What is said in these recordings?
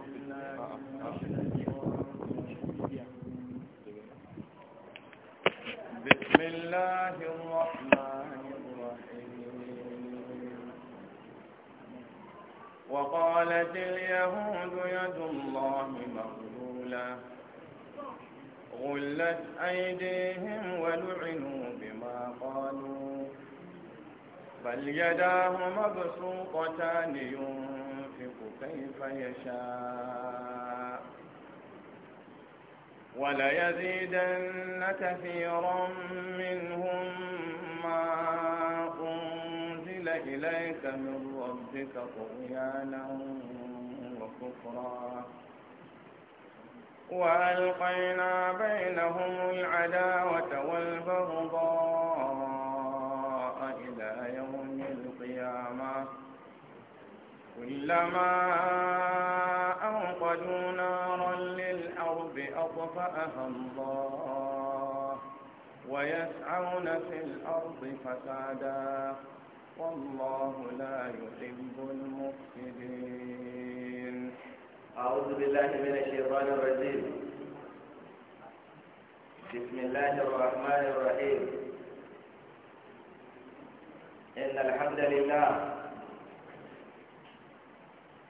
بسم الله الرحمن الرحيم وقالت اليهود يد الله مغلولة غلت أيديهم ولعنوا بما قالوا بل يداه مبسوطتان ينفقون كيف يشاء وليزيدن كثيرا منهم ما أنزل إليك من ربك طغيانا وكفرا وألقينا بينهم العداوة والبغضاء كلما أوقدوا نارا للأرض أطفأها الله ويسعون في الأرض فسادا والله لا يحب المفسدين أعوذ بالله من الشيطان الرجيم بسم الله الرحمن الرحيم إن الحمد لله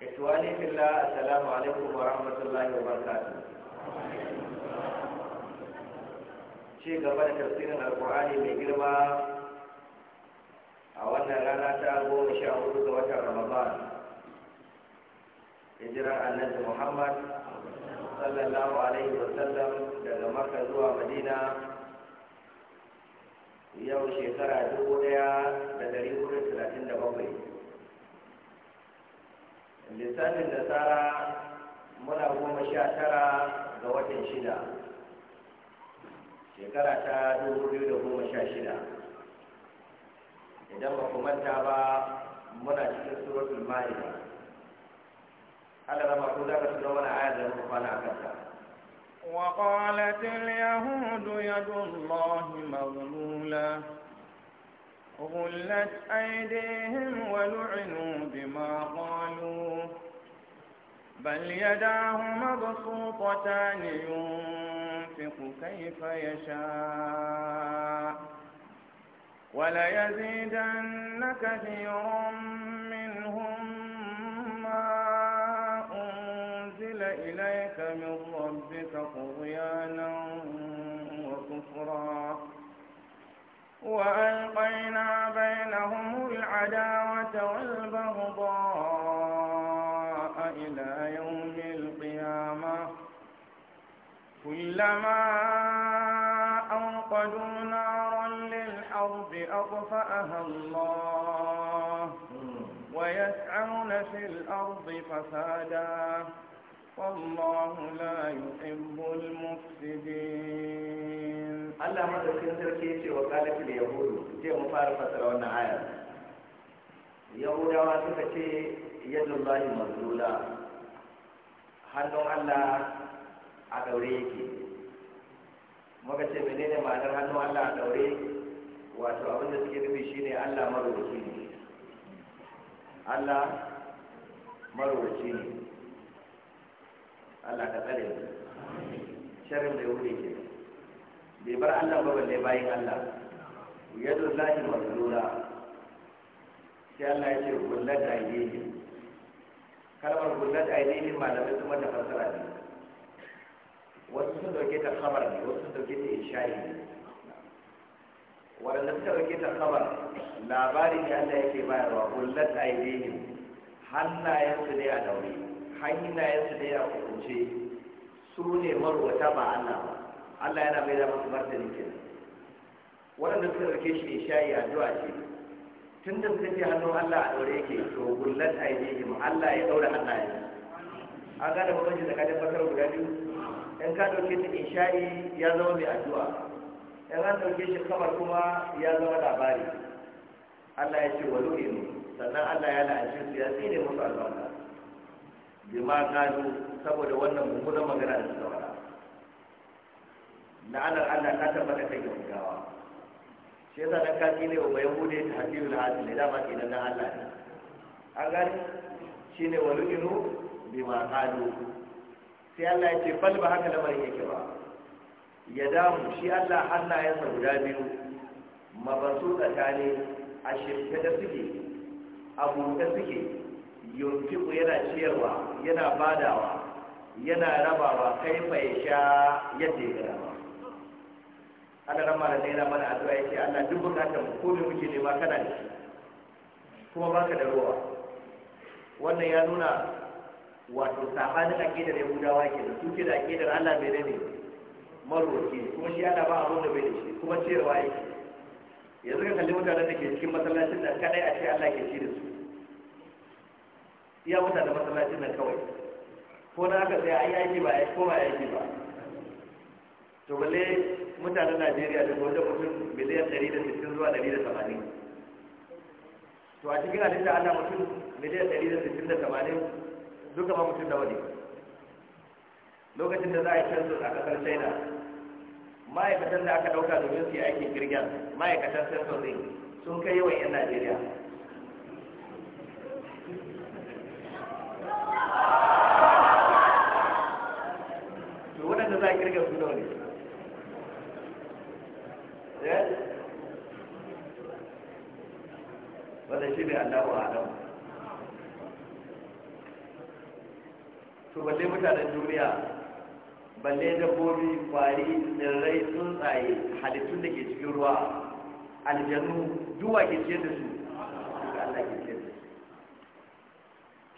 ikhwani fillah assalamu alaikum wa rahmatullahi wa barakatuh ci gaba da tafsirin alkur'ani mai girma a wannan rana ta goma sha hudu ga watan ramadan hijirar annabi muhammad sallallahu alaihi wa sallam, daga makka zuwa madina yau shekara dubu daya da dari hudu talatin da bakwai lissafin da tsara muna goma sha tara ga watan shida shekara ta dubu biyu da goma sha shida idan ba manta ba muna cikin suratul ma'ida Allah rama ko za ka tuno mana ayar da muka kwana a kanta وقالت اليهود يد الله مغلولة غلت أيديهم ولعنوا بما قالوا بل يداه مبسوطتان ينفق كيف يشاء وليزيدن كثيرا منهم ما أنزل إليك من ربك طغيانا وكفرا وألقينا بينهم العداوة والبغضاء إلى يوم القيامة كلما أوقدوا نارا للحرب أطفأها الله ويسعون في الأرض فسادا والله لا يحب المفسدين Allah madaukakin sarki ya ce wa kalifin yahudu je mu fara fasara wannan aya yahudawa suka ce yadullahi mazlula hannun Allah a daure yake muka ce menene ma'anar hannun Allah a daure wato abin da suke nufi shine Allah marubuci ne Allah marubuci ne Allah ka tsare mu sharrin da yahudu ke bai bar Allah ba balle bayin Allah yadu lahi wa lura sai Allah ya ce gullat aidihi kalmar gullat aidihi malamai kuma da fassara ne wasu sun dauke ta khabar ne wasu sun dauke ta ishari. ne waɗanda suka dauke ta khabar labari ne Allah yake bayarwa gullat aidihi hannayensu ne a daure su ne a kunce su ne marwata ba Allah ba Allah yana mai da musu martani kenan waɗanda suka ɗauke shi ne shayi addu'a ce tun da suka ce hannun Allah a ɗaure yake to gullan a yi Allah ya ɗaure hannaye an gane bambanci tsakanin fasar guda biyu in ka ɗauke ta insha'i ya zama mai addu'a in an ɗauke shi kamar kuma ya zama labari Allah ya ce wa ne, sannan Allah ya la'anci su ya tsine musu albarka bima kanu saboda wannan mummunan magana da suka la'anar Allah ta tabbata kai yahudawa shi yasa dan kaji ne wa yahude ta hadiru hadin ne dama kenan na Allah ne an gani shine bi ma qalu sai Allah ya ce bal ba haka lamarin yake ba ya damu shi Allah hannayensa guda biyu mabasu tsakani a shirke da suke a buɗe suke yunfiku yana ciyarwa yana badawa yana rabawa kaifa ya sha yadda ya rabawa ana rama da na mana addu'a yake Allah duk bukatar mu ko me muke nema kana da shi kuma baka da ruwa wannan ya nuna wato sabanin da yahudawa ke da suke da da Allah bai ne maroki kuma shi Allah ba abun da bai da shi kuma cewa yake yanzu ka kalli mutanen da ke cikin masallacin nan kadai a ce Allah ke ci da su iya mutanen masallacin nan kawai ko na aka sai ai aiki ba ai ko ba aiki ba to balle mutanen najeriya da wajen mutum miliyan 160 zuwa 180 to a cikin halitta ana mutum miliyan 160 da 80 duka ma mutum da ne lokacin da za a yi canzo a kasar china ma'aikatan da aka ɗauka domin su yi aikin girgin ma'aikatan census ne sun kai yawan 'yan najeriya to waɗanda za a girgin su Eh? wanda shi ne allahu adam to balle mutanen duniya balle dabbobi kwari tsirrai tsuntsaye halittun da ke cikin ruwa aljanu duwa ke ciyar da su ga allah ke ciyar da su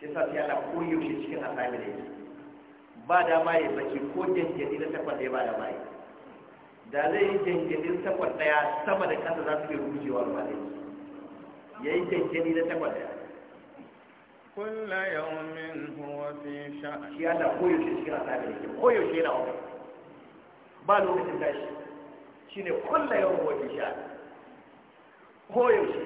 shi sa sai ana shi cikin asami da yake ba da maye bace ko jangadi na takwas ya ba da maye da zai yi jankirin takwas daya sama da kasa za su yi rubucewa ne? ya yi jankiri na takwas daya kulla min huwa fi sha'an shi Allah koyaushe shi yana sabi ne koyaushe yana ofis ba lokacin tashi ne kulla yau huwa fi sha'an koyaushe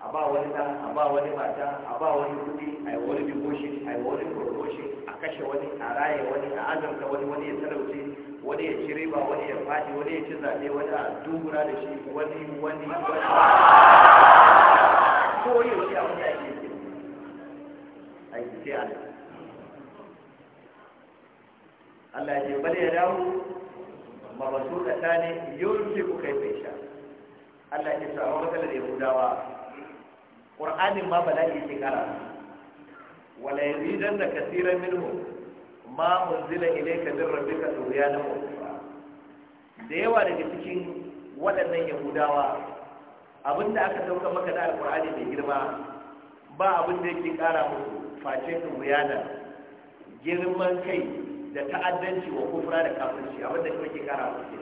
a ba wani ɗan a ba wani mata a ba wani kudi a yi wani bigoshin a yi wani kurkoshin a kashe wani a raye wani a azarta wani wani ya talauce wani ya ci riba wani ya fadi, wani ya ci zaɓe wani a dubura da shi wani wani wani ko yi wani wani ake yi a yi sai Allah Allah ya ce bal ya dawo mabasu da yau yurfi ku kai mai sha Allah ya ce wani matsalar Yahudawa Qur'anin ma bala'i yi kara wala yazidan da kasiran minhum ma unzila ilayka min rabbika tughyanan wa da yawa daga cikin waɗannan yahudawa abinda aka dauka maka da alqur'ani mai girma ba abin da yake ƙara musu face tughyanan girman kai da ta'addanci wa kufra da kafirci abin da kake ƙara musu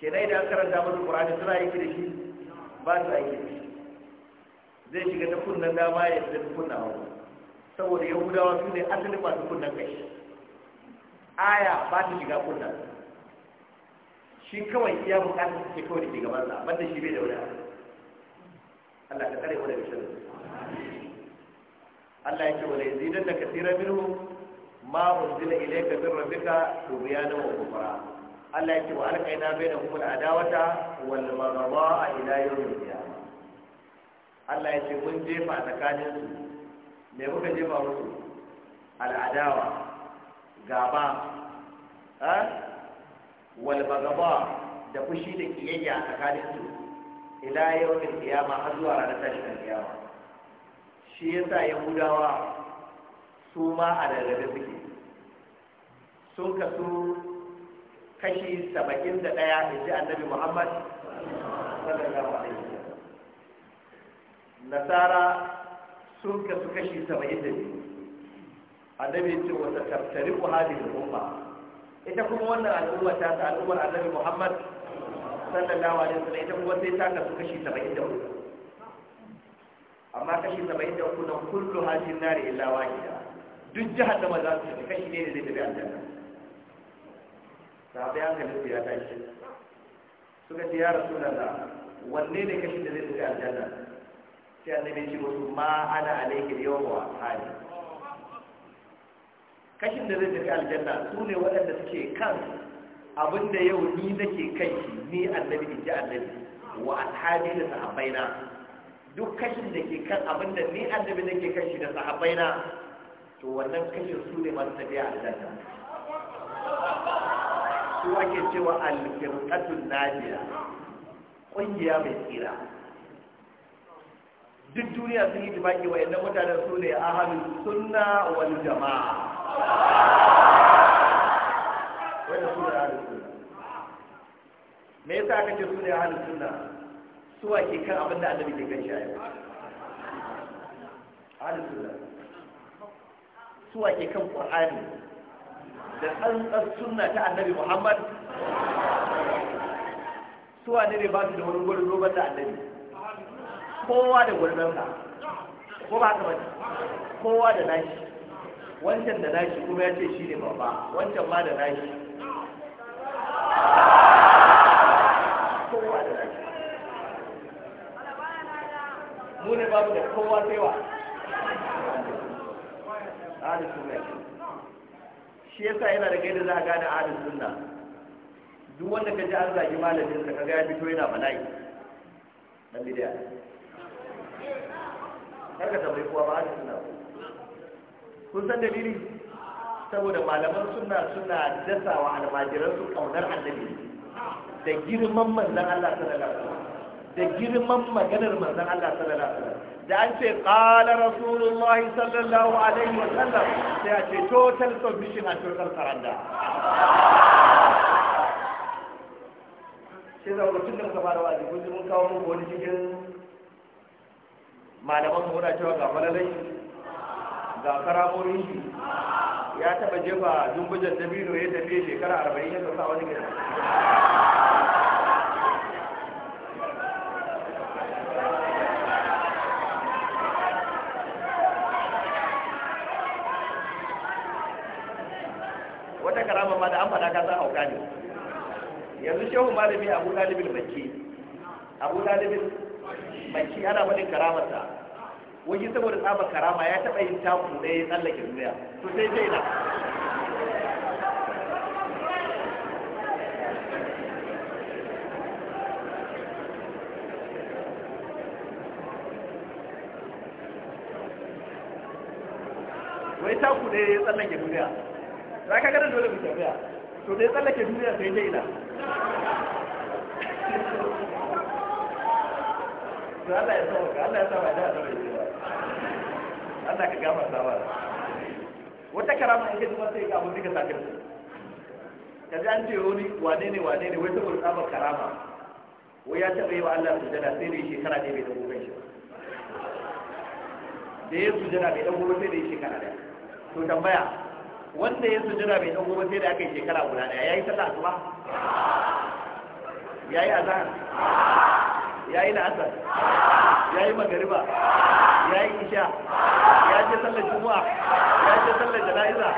kenan idan an karanta musu qur'ani suna yake da shi ba su aiki da shi zai shiga ta kunnan dama ya tafi kunnawa. saboda yahudawa su ne asali masu kunnan kai aya ba ta shiga kunnan shi kawai iya bukatar su ke kawai da ke gabansa banda shi bai da wani Allah ka tsare wani bishirin Allah ya ce wani zidan da kasira minhu ma unzila ilayka min rabbika tubyana wa kufra Allah ya ce wa alqaina bainahum al-adawata wal baghdha ila yawm al-qiyamah Allah ya ce mun jefa tsakaninsu me kuka jefa musu al'adawa gaba walbagaba da fushi da kiyayya a tsakanin su ila yau da kiyama har zuwa ranar tashin kiyama shi yasa yahudawa su ma a rarrabe suke sun kasu kashi saba'in da ɗaya in ji annabi muhammad sallallahu alaihi nasara sun kasu kashi saba'in da biyu annabi ce wata tattari ku hali da umma ita kuma wannan al'umma ta ta al'ummar annabi muhammad sallallahu alaihi wasallam ita kuma sai ta kasu kashi saba'in da uku amma kashi saba'in da uku na kullu hajjin nari illa wahida duk jihar da maza su shiga kashi ne da zai tafi aljanna sahabai hankalin su ya tashi suka ce ya rasu da wanne ne kashi da zai tafi aljanna sai annabi ce musu ma ana alaihi yau wa hali kashin da zai tafi aljanna su ne waɗanda suke kan abinda yau ni nake kai ni annabi in ji annabi wa ashabi da sahabbaina duk kashin da ke kan abinda ni annabi nake kai shi da sahabbaina to wannan kashin su ne masu tafiya aljanna su ake cewa alfirqatul najiya ƙungiya mai tsira duk duniya sun yi jima'i wa yadda mutanen su ne ahalin sunna wal jama'a wanda su ne ahalin sunna me yasa aka ce su ne ahalin sunna suwa ke kan abin da annabi ke kan shi ayyuka ahalin sunna suwa ke kan qur'ani da tsantsan sunna ta annabi muhammad suwa ne ne ba su da wani gurin robar da annabi kowa da gulmansa ko ba ka bane kowa da nashi wancan da nashi kuma ya ce shi ne babba wancan ma da nashi kowa da nashi mu ne babu da kowa sai wa ahlus sunna shi yasa yana da gaida za a gane ahlus sunna duk wanda ka ji an zagi malamin ka ga ya fito yana bala'i dan bid'a karka tambayi kuwa ba ahli sunna kun san dalili saboda malaman suna suna dasa wa almajiran su kaunar annabi da girman manzon Allah sallallahu alaihi wasallam da girman maganar manzon Allah sallallahu alaihi wasallam da an ce qala rasulullah sallallahu alaihi wasallam sai a ce total submission a cikin karanda sai da mutum da ka fara wa ji mun kawo muku wani cikin malaman muna cewa ga malalai ga karamorin shi ya taba jefa dumbujan dabino ya tafiye shekara arba'in ya sauka wani gari wata karama ma da an faɗa ka san hauka ne yanzu shehu malami abu dalibin makki abu dalibin mai ci ana faɗin karamarsa wajen saboda tsaba karama ya taɓa yin taku ɗaya ya tsallake duniya to sai sai na wai taku ɗaya ya tsallake duniya za ka gada dole mu tafiya to da ya tsallake duniya sai dai na. to Allah ya sauka Allah ya saba da Allah Allah ka gama sawa wata karama in ka ji ga abin da ka saka ka ji an ce wani wane ne wane ne wai saboda tsabar karama wai ya taɓa yi wa Allah sujada sai da shekara ne bai dago kan da ya sujada bai dago sai da shekara ɗaya to tambaya wanda ya sujada bai dago sai da aka yi shekara guda ɗaya ya yi sallah asuba ya yi azan ya yi la'asar ya yi magariba ya yi isha ya ce sallar juma'a ya ce sallar jana'iza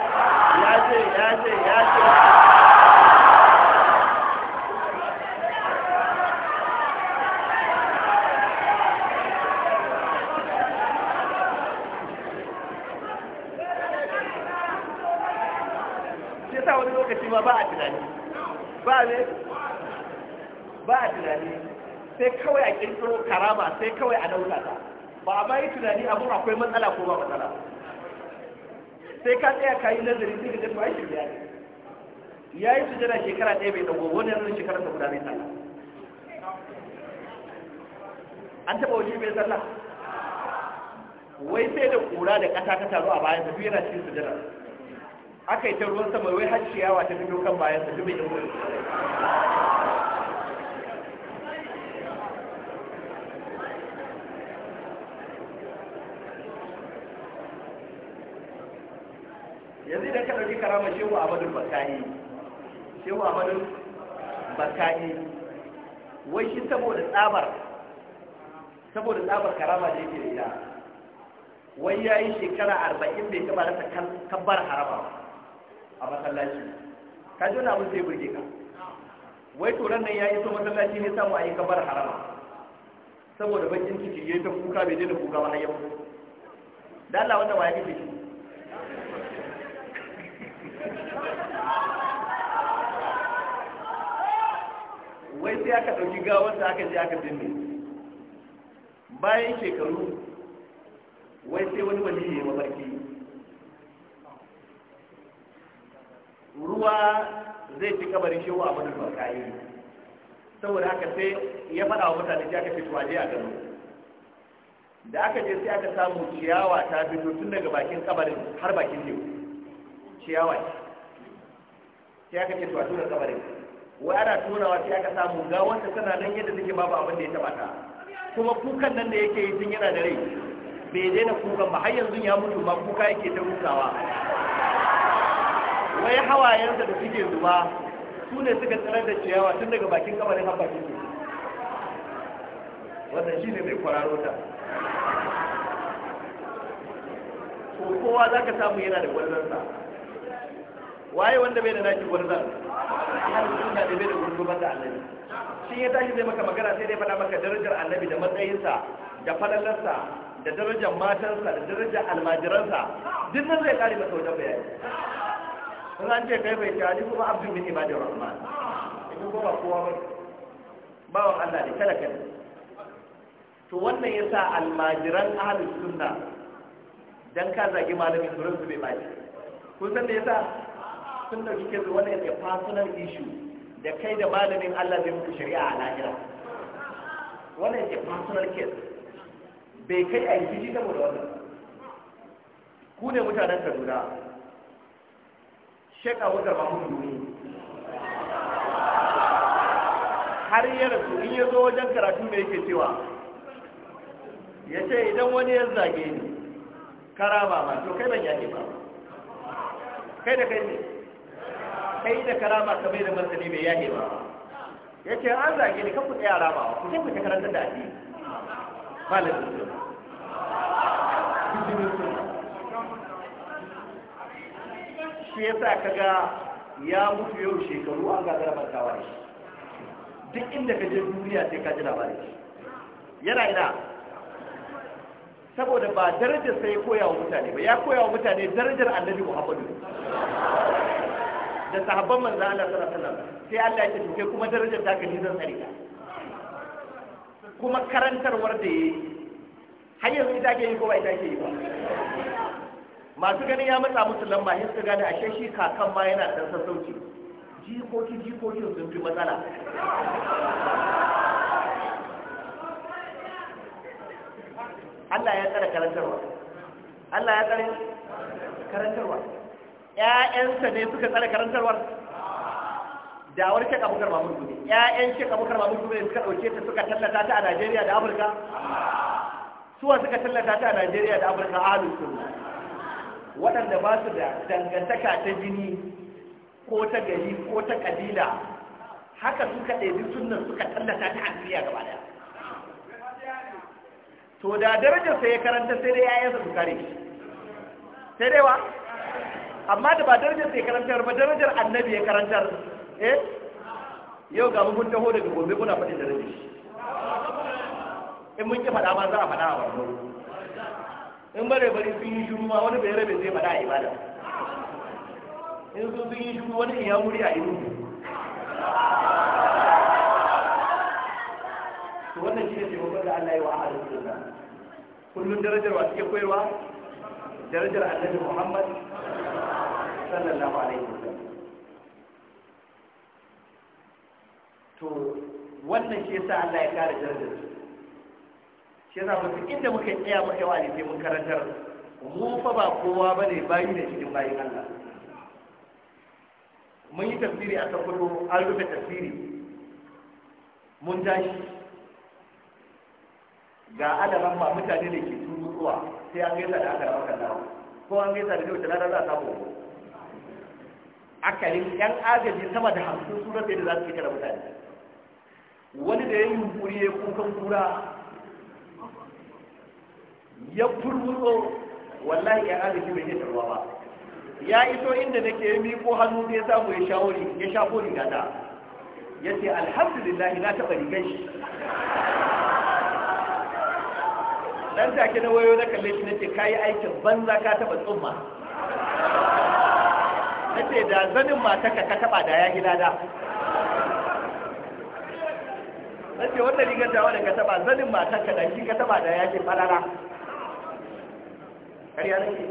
ya ce ya ce ya ce ba a tunani ba ne ba a tunani sai kawai a kirkiro karama sai kawai a nauta ta ba a bayi tunani abin akwai matsala ko ba matsala sai ka tsaya ka yi nazari sai ka ga ba shi ya yi ya yi jana shekara ɗaya bai dago wani yanzu shekara ta guda bai sallah an taɓa waje bai sallah wai sai da ƙura da ƙasa ta taru a bayan tafi yana cikin jana aka yi ta ruwan sama wai har ciyawa ta fito kan bayan tafi mai dago yanzu idan ka ɗauki karamar shehu amadu bakani shehu amadu bakani wai shi saboda tsabar saboda tsabar karama da yake da wai ya yi shekara arba'in bai taɓa rasa kabbar harama a masallaci ka ji wani abin sai burge ka wai turan nan ya iso masallaci ne samu a yi kabbar harama saboda bakin ciki ya yi ta kuka bai daina kuka ba har yau da Allah wannan wa ya kike shi wai sai aka ɗauki da aka je aka binne bayan shekaru wai sai wani wani ya mafarki ruwa zai ci kabarin shehu a madar barkayi saboda haka sai ya faɗa wa mutane sai aka ce tuwaje a gano da aka je sai aka samu ciyawa ta fito tun daga bakin kabarin har bakin teku ciyawa ce sai aka ce to a tura kabarin wai ana tunawa sai aka samu ga wanda tana nan yadda take babu abin da ya taba ta kuma kukan nan da yake yi tun yana da rai bai daina kukan ba har yanzu ya mutu ba kuka yake ta rusawa wai hawayensa da suke zuba su ne suka tsirar da ciyawa tun daga bakin kabarin har bakin wannan shi ne mai kwararo ta kowa za ka samu yana da gwarzonsa waye wanda bai da naki gurbar har suna da bai da gurbar da annabi shi ya tashi zai maka magana sai dai faɗa maka darajar annabi da matsayinsa da falalarsa da darajar matansa da darajar almajiransa duk nan zai kare masa wajen bayani sun an ce kai bai shahadi kuma abdul min ibadin rahman in ba kowa ba bawan Allah ne kada kada to wannan yasa almajiran ahlus sunna dan ka zagi malamin gurin su bai baci kun san da yasa sun dauki kai wani ya personal issue da kai da malamin Allah zai muku shari'a a lahira wannan ya personal case bai kai a yi da wannan ku ne mutanen Kaduna wuta ba Mahmud Dumi har ya rasu in ya zo wajen karatu mai yake cewa ya ce idan wani ya zage ni ba ma to kai ban yaki ba kai da kai ne kai da karama ka mai da martani mai yahe ba yace an zage ni kafin ku tsaya rama wa ce ku ta karanta da addini malamin su shi ya sa yasa kaga ya mutu yau shekaru an gagara bantawa da duk inda ka je duniya sai ka ji labarin shi yana ina saboda ba darajar sai koya wa mutane ba ya koya wa mutane darajar annabi muhammadu da sahabban manzo Allah sallallahu alaihi wasallam sai Allah ya ce kuma darajar ta ka ni zan tsare ka kuma karantarwar da yayi har yanzu ita ke yi ko ba ita ke yi ba masu ganin ya matsa musu lamba sai su gane ashe shi kakan ma yana dan sassauci jikoki jikokin sun fi matsala Allah ya tsara karantarwa Allah ya tsara karantarwa ƴaƴansa ne suka tsara karantarwar Da wani shek abokar mamun dube ƴaƴan shek abokar mamun dube suka ɗauke ta suka tallata ta a najeriya da afirka suwa suka tallata ta a najeriya da afirka ahalus sunna waɗanda ba su da dangantaka ta jini ko ta gari ko ta kabila haka suka ɗebi sunan suka tallata ta a gaba ɗaya. to da darajarsa ya karanta sai dai 'ya'yansa su kare shi sai dai wa amma da ba darajar sai karantar ba darajar annabi ya karantar eh yau ga mun taho daga gobe kuna faɗin da rabi in mun ki faɗa ma za a faɗa a wannan in bare bari sun yi shuru ma wani bai rabe zai faɗa a ibada in sun sun yi shuru wani ya muri a ilu to wannan shi ne taimakon da Allah ya wa ahalin sunna kullum darajar wa suke koyarwa darajar annabi Muhammad sallallahu alaihi wasallam to wannan shi yasa Allah ya kare jarda su shi yasa mutum inda muka tsaya muka yi wani sai mun karantar mu fa ba kowa bane bayi ne cikin bayin Allah mun yi tafsiri a sakkwato an rufe tafsiri mun tashi ga adaban ba mutane da ke turuwa sai an gaisa da aka rawa kan ko an gaisa da yau da za a samu akalin yan agaji sama da hamsin suna sai da za su kira mutane wani da ya yi yunkuri ya kukan kura ya furwuro wallahi yan agaji bai yi tarwa ba ya iso inda ke ya ko hannu da ya samu ya wuri ya shafo rigata ya ce alhamdulillah na taɓa rigar shi dan take na wayo na kalle shi nace kai aikin banza ka taɓa tsumma nace da zanin matarka ka taba da ya gida da nace wanda rigar da wanda ka taba zanin matarka da shi ka taba da ya ke falala kariya nake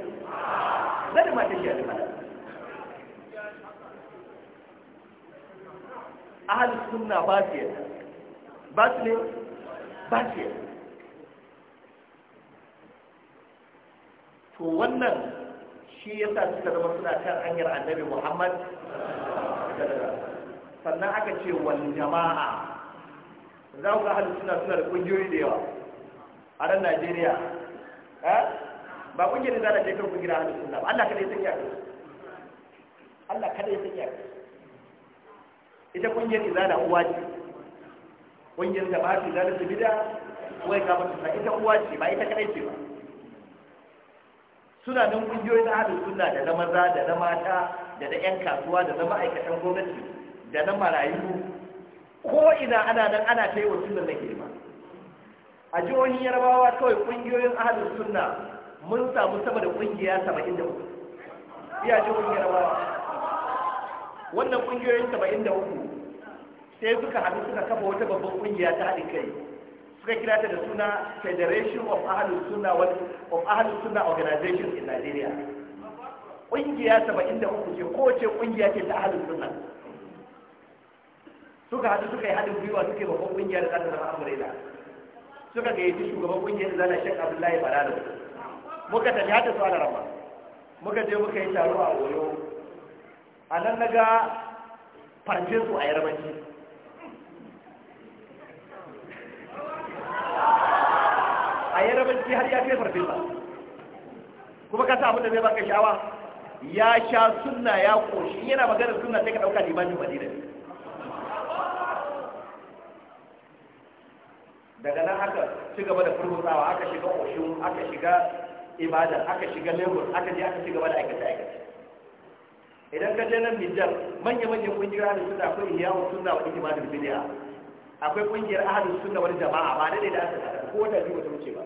zanin matar ke da falala ahal suna ba su yadda ba su ne ba su yadda to wannan shi yasa suka zama suna kan hanyar annabi muhammad sannan aka ce wal jama'a za ku ga ahlus suna da kungiyoyi da yawa a nan najeriya eh? ba kungiyar da za ta kan kungiyar hannun suna ba allah kada ya sanya ka allah kada ya sanya ka ita kungiyar izala uwa ce kungiyar da ba su izala su bida wai ka mata ita uwa ce ba ita kadai ce ba suna nan kungiyoyi na ahlus da na maza da na mata da na yan kasuwa da na ma'aikatan gwamnati da na marayu ko ina ana nan ana ta yi wa sunan na girma a jihohin yarbawa kawai kungiyoyin ahlus sunna mun samu sama da kungiya uku iya jihohin yarbawa wannan kungiyoyin uku sai suka haɗu suka kafa wata babban kungiya ta haɗin kai suka kira ta da suna federation of ahlus suna wal of ahlus suna organization in nigeria kungiya uku ce kowace kungiya ce ta ahlus suna. suka haɗu suka yi haɗin gwiwa suka yi babban kungiya da zata zama amurela suka gayyaci shugaban kungiyar da zata shek abdullahi barado muka tafi haɗa su alarama muka je muka yi taro a oyo a nan na ga farjinsu a yarbanci ciki har ya ce farfesa kuma ka sa abin da zai baka shawa ya sha suna ya koshi yana maganar suna sai ka dauka limanin madina daga nan aka ci gaba da furmutsawa aka shiga koshin aka shiga ibadar aka shiga lagos aka je aka ci gaba da aikata aikata idan ka je nan Nijar manya manya kungiyar ahlus suna akwai iyawu suna wani ijma'ul bid'a akwai kungiyar ahlus suna wani jama'a ba da ne da aka ko da ji wata wuce ba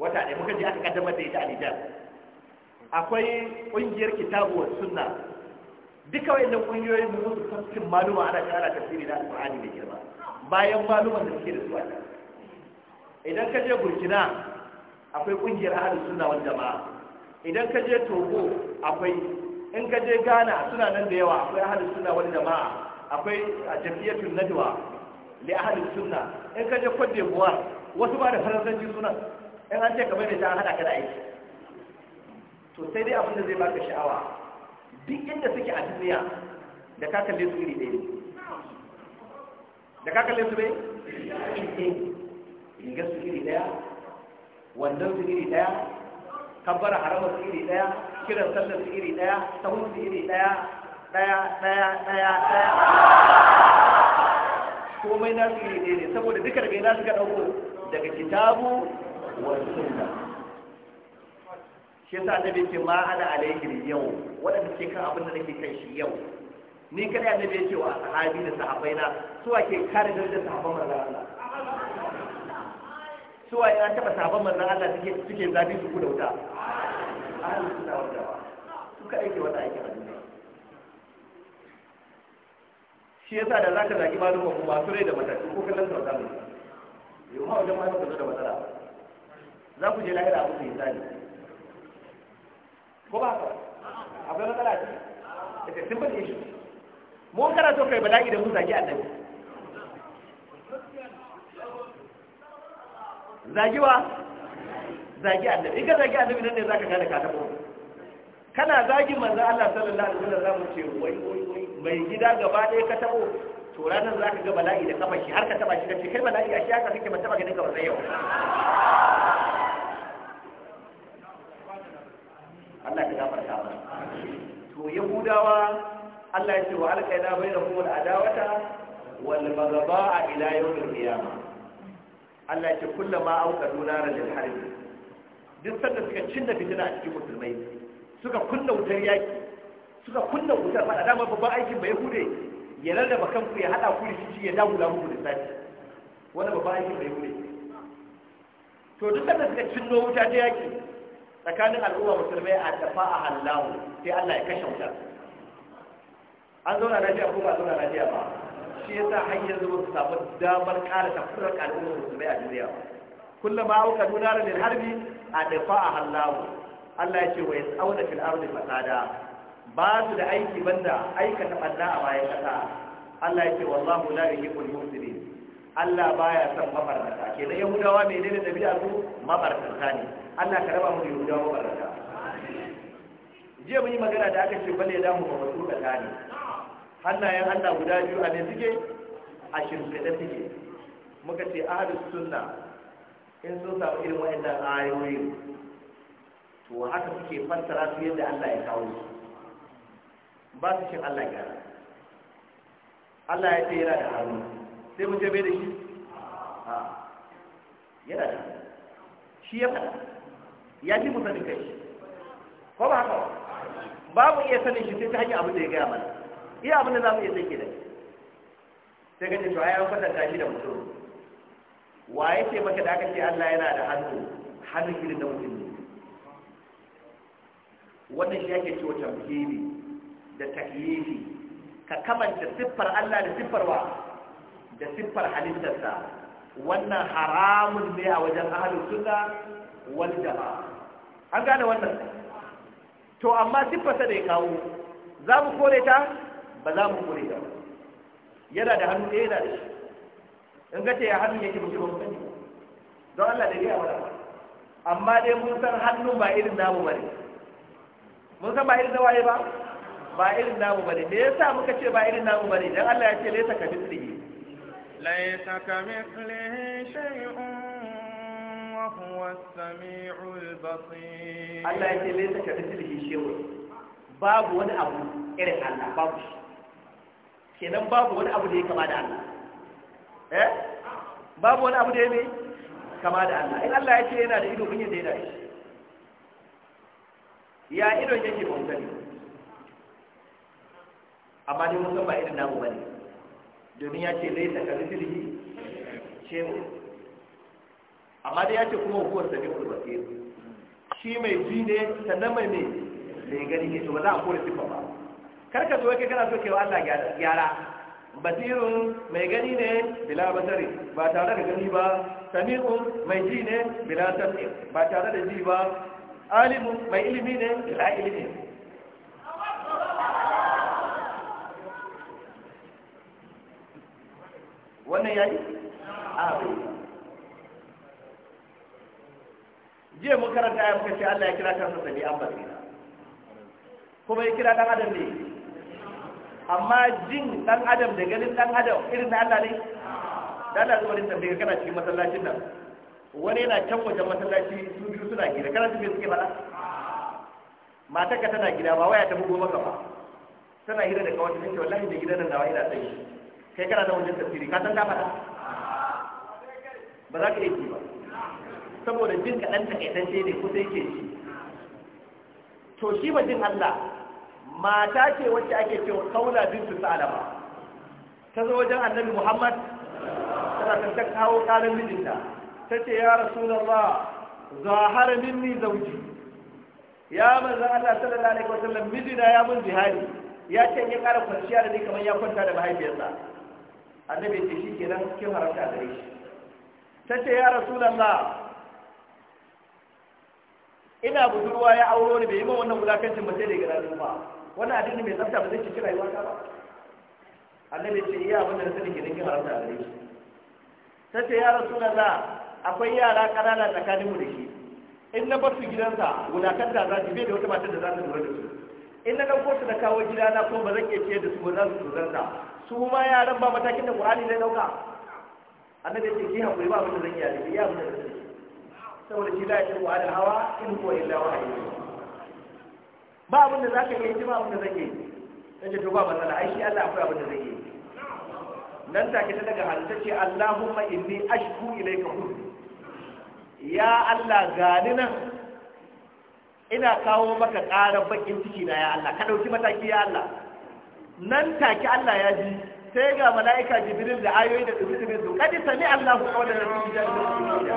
wata ɗaya muka ji aka kaddamar da ita a Nijar akwai ƙungiyar kitabu wa sunna duka da ƙungiyoyin mu musu tafsirin maluma ana kara tafsiri al qurani mai girma bayan maluman da suke da su a idan ka je Burkina akwai ƙungiyar ahlus sunna wal jama'a idan ka je Togo akwai in ka je Ghana suna nan da yawa akwai ahlus sunna wal jama'a akwai jam'iyyatun najwa li ahlus sunna in ka je Cote d'Ivoire wasu ba da faransanci sunan in an ce kamar da ta hada ka da aiki to sai dai abin da zai baka sha'awa duk inda suke a duniya da ka kalle su iri ɗaya da ka kalle su bai rigar su iri ɗaya wandon su iri ɗaya kabbara haramar su iri ɗaya kiran sallar su iri ɗaya sahun su iri ɗaya ɗaya ɗaya ɗaya ɗaya komai na iri ɗaya ne saboda duka daga yana suka ɗauko daga kitabu والسنة shi yasa annabi ce ma ana alayhi yau waɗanda ke kan abin da nake kan shi yau ni kada annabi ya ce wa sahabi da sahabbai na suwa ke kare da sahabban manzon Allah suwa ya taba sahabban manzon Allah suke suke zabi su da wuta ahlus sunna wal jamaa su kada ke wannan aikin shi yasa da zaka ba, malumin masu rai da matatu ko kallon wata ne yau ma wajen ma ka zo da matsala za ku je lahira abu sai hisabi ko ba ka abu na ce it's a simple issue mu kana so kai bala'i da mu zagi annabi zagiwa zagi annabi in ka zagi annabi nan ne zaka gane ka tabo kana zagi manzo Allah sallallahu alaihi wasallam zamu ce wai wai wai mai gida gaba ɗaya ka tabo to ranar zaka ga bala'i da kafa shi har ka taba shi kace kai bala'i a shi haka kake ba ga dinka ka ba sai yau Allah ya gafarta mana to yahudawa Allah ya ce wa alqaida bainakum al-adawata wal baghdha ila yawm al-qiyamah Allah ya ce kullama awqadu naral harb duk sanda suka cinna fitina a cikin musulmai suka kunna wutar yaki suka kunna wutar fada dama babban aikin bai hude ya rarraba kanku ya hada ku da shi ya dagula da lissafi wani babban aikin bai hude to duk sanda suka cinno wuta ta yaki tsakanin al'umma musulmai a tafa a hallawo sai Allah ya kashe wuta an zauna lafiya ko ba zauna lafiya ba shi yasa hanyar zuwa su samu damar ƙara tafurar al'umma musulmai a duniya kullum ma auka nuna da harbi a tafa a hallawo Allah ya ce wa yasauna fil ardi fasada ba su da aiki banda aikata banna a bayan kasa Allah ya ce wallahu la yuhibbul mufsidin Allah baya son mabarkata kenan Yahudawa menene dabi'ar su mabarkata ne Allah ka raba mu da yahudawa barata jiya mun yi magana da aka ce balle da mu ba wasu da tani hannayen Allah guda biyu a ne suke a shimfiɗe suke muka ce ahlus sunna in sun samu irin wa'annan ayoyi to haka suke fassara su yadda Allah ya kawo su ba su cin Allah gyara Allah ya ce yana da haru sai mu je bai da shi yana da shi ya faɗa ya ji musa sanin kai ko ba haka ba mu iya sanin shi sai ta hanyar abin da ya gaya mana iya abin da za mu iya sai ke da sai ka ce to ai an kwatanta shi da mutum wa ya ce maka da aka ce Allah yana da hannu hannun irin da mutum ne wannan shi ake cewa tamhili da takyifi ka kamanta siffar Allah da siffar wa da siffar halittarsa wannan haramun ne a wajen ahlus sunna wal jama'a an gane wannan to amma siffarsa da ya kawo za mu kore ta ba za mu kore ta yana da hannu ɗaya yana da shi in ga ya hannu yake mutu ba mu sani don Allah da gaya wani amma dai mun san hannun ba irin namu ba ne, mun san ba irin na waye ba ba irin namu ba ne. me yasa muka ce ba irin namu ba ne? dan Allah ya ce laisa ka mithlihi laisa ka mithlihi shay'un وهو السميع البصير الله يتي ليس كمثله شيء babu wani abu irin Allah babu shi kenan babu wani abu da ya Allah babu wani abu da ya Allah in Allah ya ce yana da ido kun yadda yana shi ya idon yake ba sani amma dai mun san ba namu bane domin ya ce laisa ka mithlihi shay'un amma dai ya ce kuma hukuwar sami'ul basir shi mai ji ne sannan mai ne mai gani ne to ba za a kore sifa ba kar ka zo kai kana so kai wa Allah gyara basirun mai gani ne bila basari ba tare da gani ba sami'un mai ji ne bila sam'i ba tare da ji ba alimun mai ilimi ne bila ilimi wannan yayi A'a bai jiya mun karanta ya muka ce Allah ya kira kansa sami an basira kuma ya kira dan adam ne amma jin dan adam da ganin dan adam irin na Allah ne da Allah zuwa rinsa daga kana cikin masallacin nan wani yana can wajen masallaci su biyu suna gida kana cikin suke suke mata ka tana gida ba waya ta bugo maka ba tana hira da kawai take wallahi da gidan nan nawa ina tsaye kai kana da wajen tafsiri ka san ta faɗa ba za ka iya ba saboda jin kaɗan takaitacce ne kusa yake ci. to shi ba jin Allah mata ce wacce ake cewa kaula bintu salama ta zo wajen annabi Muhammad tana kan ta kawo kalan mijinta ta ce ya rasulullah zahara minni zauji ya manzo Allah sallallahu alaihi wasallam mijina ya mun jihadi ya ce ya kara kwanciya da ni kamar ya kwanta da mahaifiyarsa annabi ce shi kenan kin haramta da shi ta ce ya rasulullah ina budurwa ya auro ni bai yi ma wannan wulakancin ba sai da gara ba wannan addini mai tsafta ba zai ci rayuwa ta ba annabi ce iya abin da na sani gidan haramta da shi ta ce ya rasulullah akwai yara kanana tsakanin mu da shi in na bar su gidansa wulakanta za su bai da wata matar da za ta lura da su in na dauko su da kawo gidana ko ba zan iya ciyar da su ba za su tuzanta su ma yaran ba matakin da qur'ani zai dauka annabi ce ki hakuri ba abin da zan iya da iya abin da zan iya saboda shi la yashu ala hawa in huwa illa yi. ba abin da zaka yi ba abin da zake yi nace to ba matsala ai shi Allah akwai abin da zake yi nan ke ta daga hannu ce, Allahumma inni ashku ilayka hubbi ya Allah gani nan ina kawo maka ƙarar bakin ciki na ya Allah ka ɗauki mataki ya Allah nan take Allah ya ji sai ga mala'ika jibril da ayoyi da tsibirin su kadi sami Allahu qawlan rabbil da.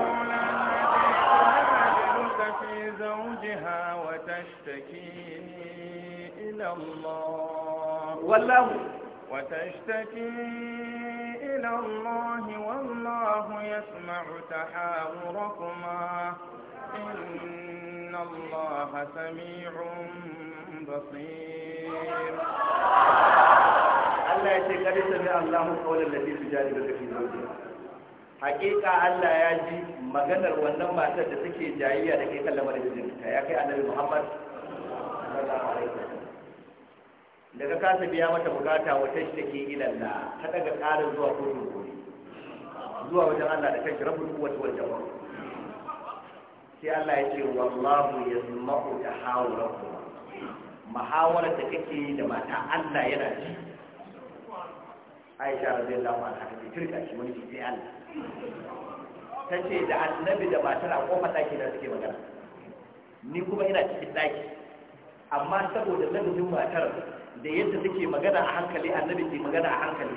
تبارك في زوجها وتشتكي إلى الله والله وتشتكي إلى الله والله يسمع تحاوركما إن الله سميع بصير الله يتكلم الله قول الذي تجادلك في زوجها hakika Allah ya ji maganar wannan matar da take jayayya da ke kan jirgin ta ya kai annabi Muhammad sallallahu alaihi wasallam daga kasa biya mata bukata wata shi take ilalla ta daga karin zuwa kotun zuwa wajen Allah da kanshi rabbul quwwati wal jawab sai Allah ya ce wallahu yasma'u tahawurakum muhawarar da kake da mata Allah yana ji Aisha radiyallahu anha ta ce turka shi wani sai Allah ta ce da annabi da matar a kofar ɗaki na suke magana ni kuma ina cikin ɗaki amma saboda lalurin matar da yadda suke magana a hankali annabi ke magana a hankali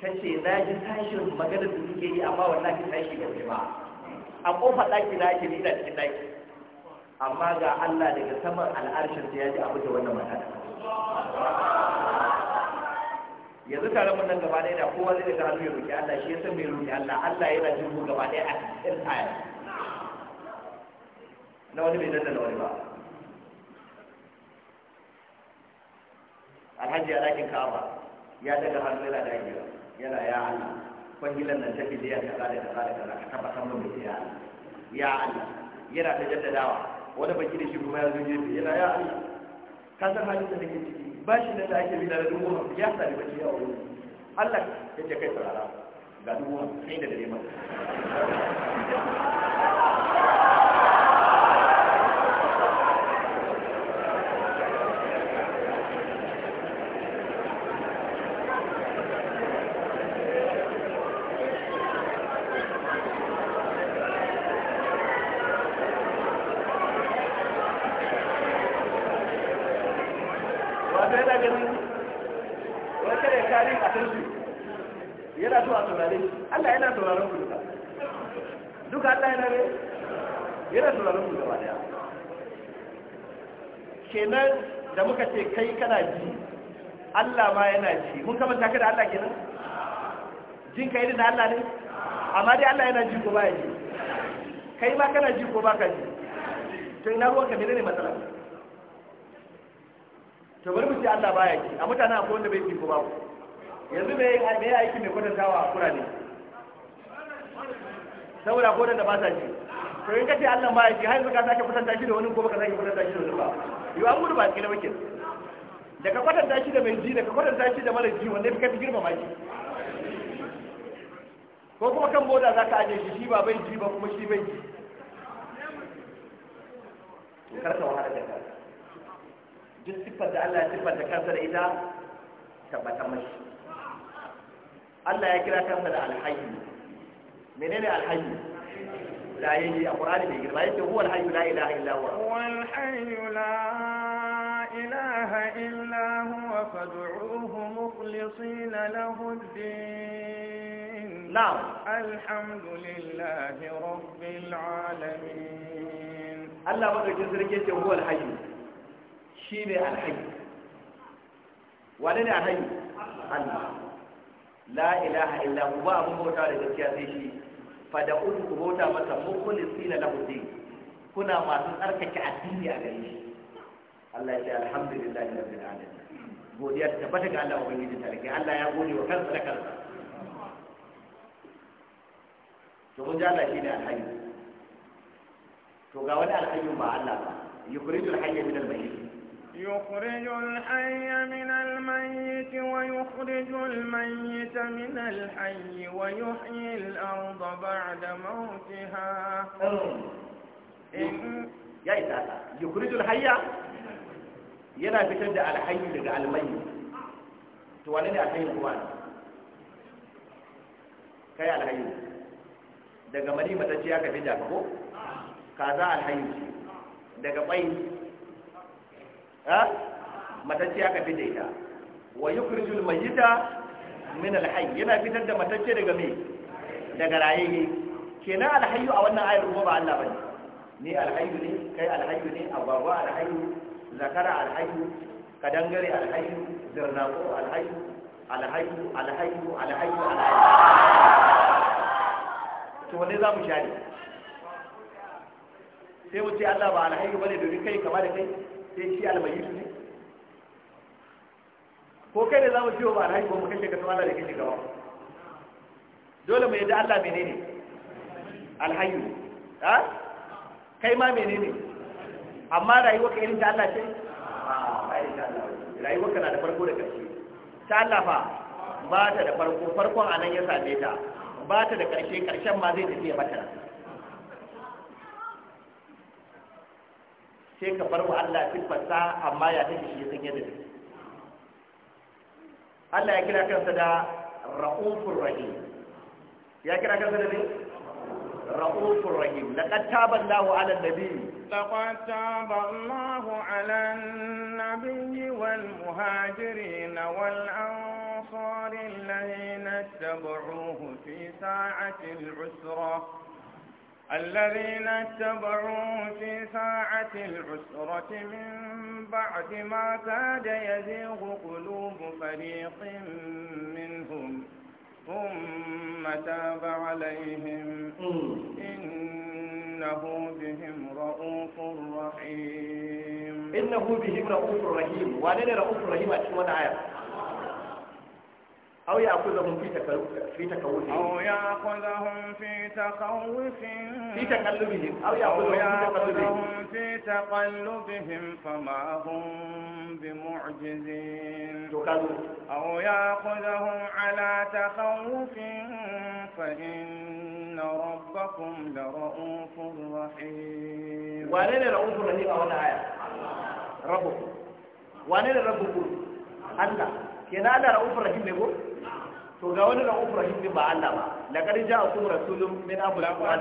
ta ce na ji tashin magana da suke yi amma wallahi tashi ga ba a kofar ɗaki na ake nina cikin ɗaki amma ga Allah daga saman al'arshin ya ji abu da wannan mata yanzu tare mun nan gaba ɗaya da kowa zai daga hannu ya roƙi Allah shi ya san mai roƙi Allah Allah yana jin mu gaba ɗaya a cikin aya na wani bai danna na wani ba alhaji a ɗakin ka'aba ya daga hannu yana dagewa yana ya Allah kwangilan nan tafi da ya kaza da kaza da kaza ka tabbatar mun mai ya Allah ya Allah yana ta jaddadawa wani baki da shi kuma ya zo gefe yana ya Allah kan san halin da nake ciki bashi da da ake bida da dubu hamsin ya sani bacci ya wuri Allah ya ce kai sarara ga dubu hamsin da dare kenan da muka ce kai kana ji Allah ma yana ji mun kama ka da Allah kenan jin ka irin da Allah ne amma dai Allah yana ji ko ba ji kai ma kana ji ko ba ka ji to ina ruwan ka menene matsala to bari mu ce Allah baya ji a mutanen akwai wanda bai ji ko ba yanzu me me aiki mai kwatantawa a ne saboda ko da ba sa ji to in ka ce Allah ma ya ce har ka sake kwatanta shi da wani ko baka sake kwatanta shi da wani ba yau an gudu ba cikin wakil da ka kwatanta shi da mai ji da ka kwatanta shi da mara ji wanda ka girma girmama shi ko kuma kan boda za ka ajiye shi shi ba bai ji ba kuma shi bai ji karka wahala da kanka duk siffar da Allah ya siffar da kansa da ita tabbatar mashi Allah ya kira kansa da alhayi menene alhayi rayayye a Qur'ani mai girma yake huwal hayyu la ilaha illa huwa huwal hayyu la ilaha illa huwa fad'uuhu mukhlisina lahu ad-din na'am alhamdulillahi rabbil alamin Allah shine al-hayyu ne al-hayyu la ilaha illa huwa da gaskiya sai shi fada'udu ku bauta masa mukhlisina lahu din kuna masu tsarkake addini a gare shi Allah ya ce alhamdulillahi rabbil alamin godiya ta tabbata ga Allah ubangiji talake Allah ya gode wa kansa da kansa to mun ji Allah shine alhayy to ga wani alhayy ba Allah ba yukhrijul hayya min al-mayyit يخرج الحي من الميت ويخرج الميت من الحي ويحيي الأرض بعد موتها يا إساسا يخرج الحي ينا بتبدا على حي على الميت تواليني على حي الغوان كي على حي daga mari matacciya ka fi jaka ko kaza alhayu daga bai ha matacce aka fita ita wa yi mayyita min alhayy yana fitar da matacce daga me daga ke kenan Alhayu a wannan ayar kuma ba Allah bane ni Alhayu ne kai Alhayu ne ababa Alhayu, zakara Alhayu, kadangare Alhayu, zirnaqo Alhayu, Alhayu, Alhayu, Alhayu, Alhayu, to wanne za mu share sai mu ce Allah ba Alhayu, bane domin kai kamar da kai sai shi su ne ko kai ne za mu ciwo ba na yi ba mu kashe ka tsamala da kashe gawa dole mu yadda Allah menene alhayu. ha kai ma menene amma rayuwar ka irin ta Allah ce ah, rayuwar ka na da farko da ƙarshe ta Allah fa ba ta da farko farkon anan ya same ta ba ta da ƙarshe ƙarshen ma zai tafi ya sai ka bar wa Allah siffarsa amma ya take shi san da shi Allah ya kira kansa da ra'ufur rahim ya kira kansa da ne ra'ufur rahim laqad taba Allahu 'ala an-nabi لقد تاب nabi wal muhajirin wal anfar الذين اتبعوه في ساعة العسرة الذين اتبعوا في ساعة العسرة من بعد ما كاد يزيغ قلوب فريق منهم ثم تاب عليهم إنه بهم رؤوف رحيم إنه بهم رؤوف رحيم وأنا رؤوف رحيم أتمنى آية أو يأخذهم في تكلف في تكوف أو يأخذهم في تخوف في تقلبهم أو يأخذهم في تقلبهم فما هم بمعجزين أو يأخذهم على تخوف فإن ربكم لرؤوف رحيم وأنا لرؤوف رحيم أولا آية ربكم وأنا لربكم أنت كنا لرؤوف رحيم لكم to ga wani ran ufra hin ba Allah ba la kad ja'a kum rasulun min amrikum wa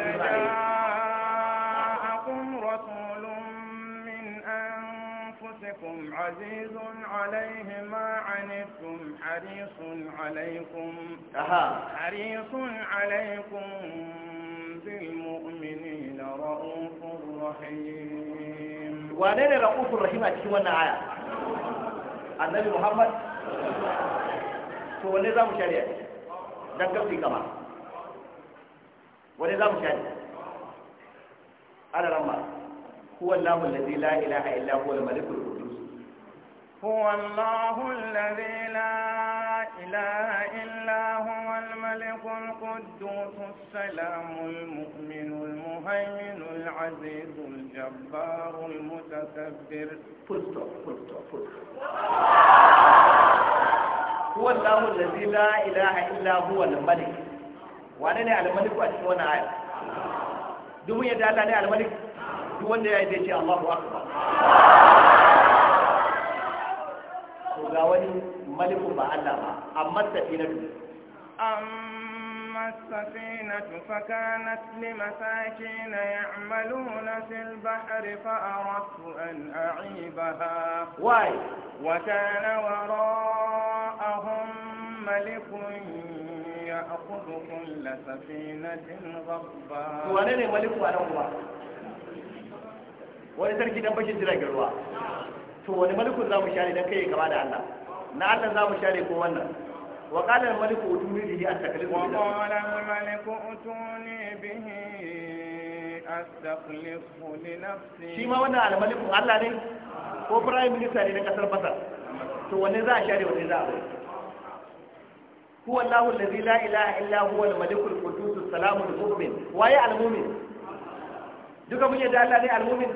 ja'a kum rasulun min anfusikum azizun alayhi ma anitum harisun alaykum aha harisun alaykum bil mu'minina ra'ufur rahim ne ra'ufur rahim a cikin wannan aya annabi muhammad to wanne za mu shari'a dan kafin kama wanne za mu shari'a ala ramma huwa allahu alladhi la ilaha illa huwa al-malikul qudus huwa allahu alladhi la ilaha illa huwa al-malik al as-salam al-mu'min al-muhaymin al-aziz al-jabbar al-mutakabbir full stop full stop full stop huwa Allahu allazi la ilaha illa huwa al-malik ne al-malik a cikin wannan aya duk mun yadda Allah ne al-malik duk wanda ya yi ce Allahu akbar ga wani malikun ba Allah ba amma safinatu أما السفينة فكانت لمساكين يعملون في البحر فأردت أن أعيبها وكان وراءهم ملك يأخذ كل سفينة غضبا وانا ملك وانا هو wani sarki dan bashin jiragen ruwa to wani malikun za mu share don kai kama da Allah na Allah za mu share ko wannan وقال الملك اتوني به استخلصه وقال الملك اتوني به استخلصه لنفسي شي وانا الملك الله ne ko prime minister ne na kasar Masar to wanne za a share wanne za a bai هو الله الذي لا إله إلا هو الملك القدوس السلام المؤمن waye المؤمن duka mun da Allah ne almumin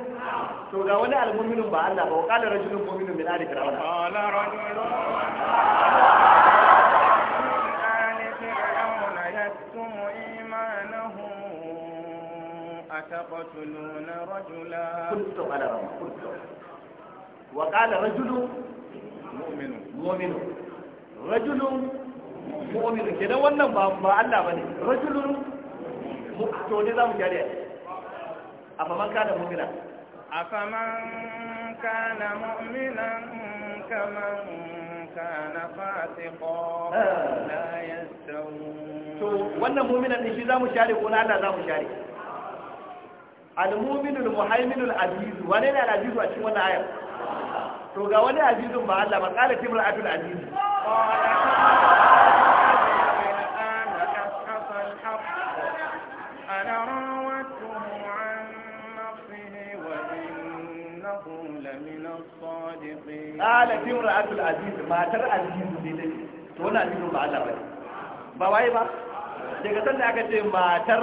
to ga wani almuminin ba Allah ba wa qala rajulun mu'minun min ali fir'auna qala rajulun أتقتلون رجلا كنتم على رمى كنتم وقال رجل مؤمن مؤمن رجل مؤمن كده وانا ما الله بني رجل مؤمن نظام جاري أفمن كان مؤمنا أفمن كان مؤمنا كمن كان فاسقا لا يستوون to wannan mu'minan din shi zamu share ko na Allah zamu share almuminu muminul muhaiminul wane ne al a cikin wannan ayar to ga wani azizun ba Allah ba qala timul atul aziz قالت امرأة العزيز ما ترى العزيز دي wani azizun ba Allah ne ba waye ba daga sanda aka ce matar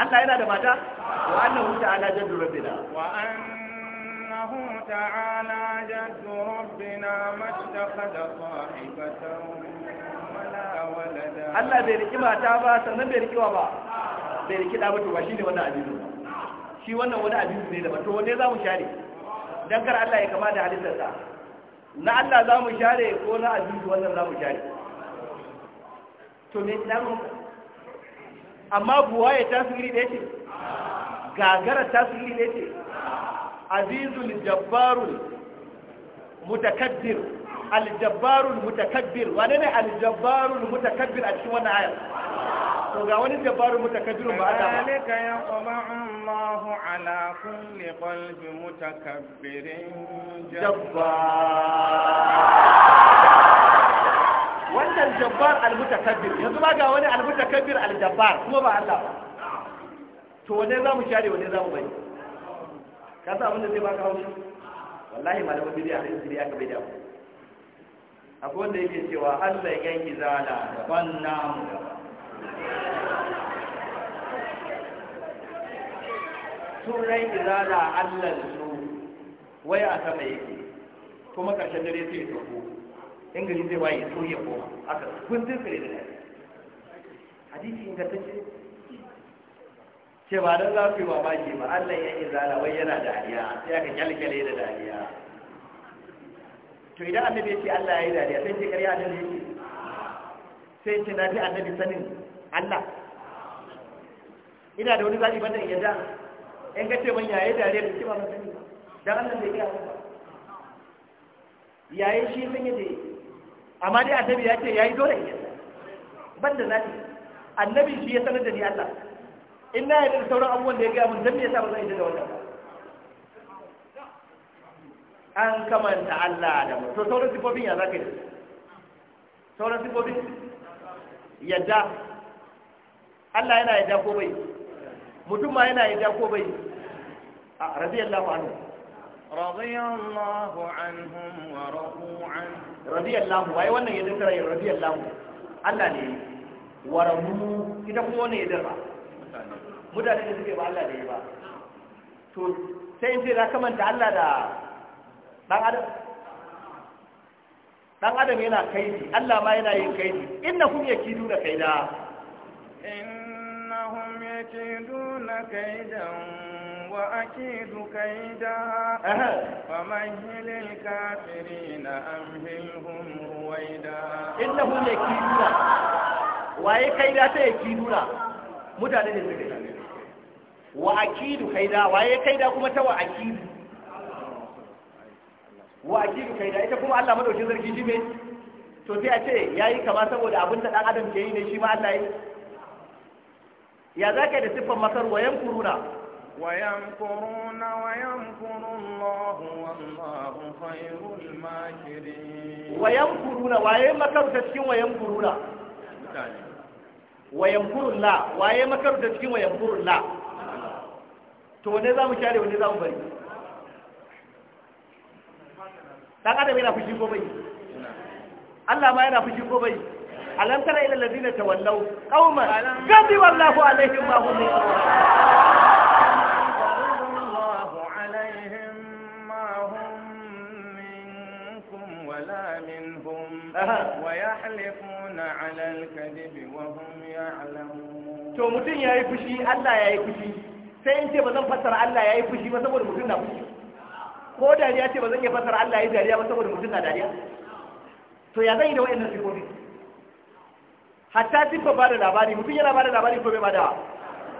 Allah yana da mata wa annahu ta'ala jaddu rabbina wa annahu ta'ala jaddu rabbina mattakhadha sahibatan wala walada Allah bai riki mata ba sannan bai riki ba bai riki da mutu ba shine wannan abin shi wannan wani abin ne da to wanne zamu share dan kar Allah ya kama da halittarsa na Allah zamu share ko na abin wannan zamu share to me dan amma buwaye ta tasiri iri ce gagara ta su iri ce azizul jabbarul mutakabbir jabbarul mutakabbir wane ne jabbarul mutakabbir a cikin wannan ayar to ga wani jabbarul mutakabbir ba a ba ya qama Allahu ala kulli qalbi mutakabbirin jabbar wannan jabbar almutakabbir yanzu ba ga wani almutakabbir aljabbar kuma ba Allah ba to wane za mu share wane za mu bari ka sa abin da zai baka haushi wallahi malamin bidiya ne ya ka bidiya da ku akwai wanda yake cewa Allah ya yi zala daban namu turai izala Allah su wai a sama yake kuma karshen dare sai ya tafi ingilin gari zai waye so ya koma haka kun zai kare da lafiya hadisi ingantacce ce ba don za ku yi mamaki ba Allah ya yi zala wai yana dariya sai aka kyalkyale da dariya to idan annabi ya ce Allah ya yi dariya sai ce karya annabi ya ce sai ce na fi annabi sanin Allah ina da wani zaɓi banda in yadda in ka ce ban ya dariya da ce ba ban sani ba dan Allah bai gaya ba yi shi sun yi da amma dai annabi ya ce ya yi dole in ban da nani annabi shi ya sanar da ni Allah in na da sauran abubuwan da ya gaya mun zan ya yasa ba zan yi da wannan an kamanta Allah da mu to sauran sifofin ya zaka yi sauran sifofin yadda Allah yana yadda ko bai mutum ma yana yadda ko bai radiyallahu anhu رضي الله عنهم ورضوا عنه رضي الله واي wannan ya dinka rai رضي الله Allah ne waramu ita kuma wannan ya ba mutane da suke ba Allah da yi ba to sai in ce za ka manta Allah da dan adam dan adam yana kaidi Allah ma yana yin kaidi innakum yakiduna kaida innahum yakiduna kaidan وأكيد كيدا فمهل الكافرين أمهلهم رويدا إنه يكيدنا waye kaida ta yake nuna mutane ne suka wa akidu kaida waye kaida kuma ta wa akidu wa akidu kaida ita kuma Allah madaukin sarki ji me to sai a ce yayi kama saboda abin da dan adam ke yi ne shi ma Allah yi ya zaka da siffar masar wayan kuruna ويمكرون ويمكر الله والله خير الماكرين ويمكرون waye makarta cikin wayamkuruna wayamkurullah waye تسكين cikin الله to wanne mu share wanne mu bari dan adam yana fushi ko bai Allah ma yana fushi ko bai alam tara ila alladhina tawallaw qauman alaihim ولا منهم ويحلفون على الكذب وهم يعلمون to mutum ياي fushi Allah ياي fushi sai in ce bazan fassara Allah yayi fushi ba saboda mutum na fushi ko dariya ce bazan iya fassara Allah yayi dariya ba saboda mutum na dariya to ya zai da wayannan sifofi hatta sifa ba da labari mutum yana ba da labari ko bai ba da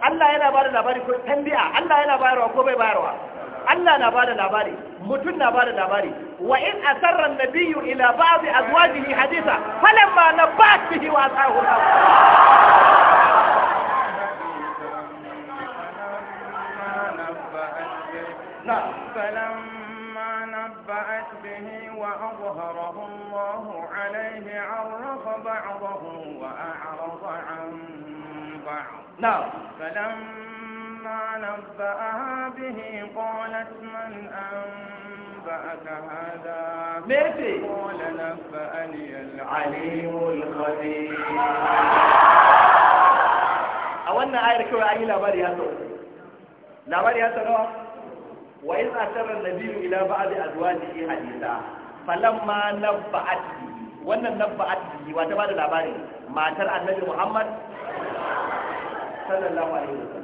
Allah yana ba da labari ko tambiya Allah yana bayarwa ko bai bayarwa Allah na bada labari mutum na bada labari wa in asarra nabiyyu ila ba'd azwajihi haditha falamma nabat bihi wa asahu فلما نبأت به وأظهره الله عليه عرف بعضه وأعرض عن بعض نعم فلما فلما نبأها به قالت من أنبأك هذا ميتي قال نبأني العليم الخبير a wannan ayar kawai an yi labari ya sau labari ya sau wa in asarar nabiyu ila ba'd azwajihi hadisa falamma nabba'at wannan nabba'at wa ta bada labarin matar annabi Muhammad sallallahu alaihi wasallam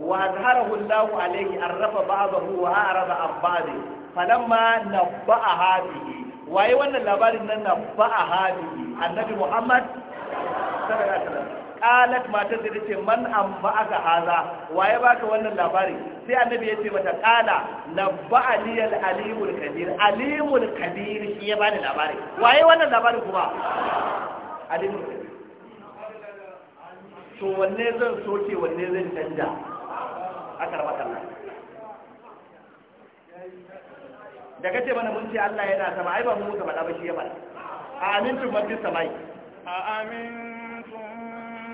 وأظهره الله عليه عرف بعضه وأعرض عن بعض فلما نبأها به waye wannan labarin nan na ba'a hadi annabi muhammad sallallahu alaihi wasallam qalat matar da tace man amba'aka haza waye baka wannan labari sai annabi ya ce mata qala nabba'a li al-alimul kabir alimul kabir shi ya bani labari waye wannan labarin kuma to wanne zan soke wanne zan canja akar makalla da kace mana mun ce Allah yana sama ai ba mu muka faɗa ba shi ya ba a amintum man fis samai a amintum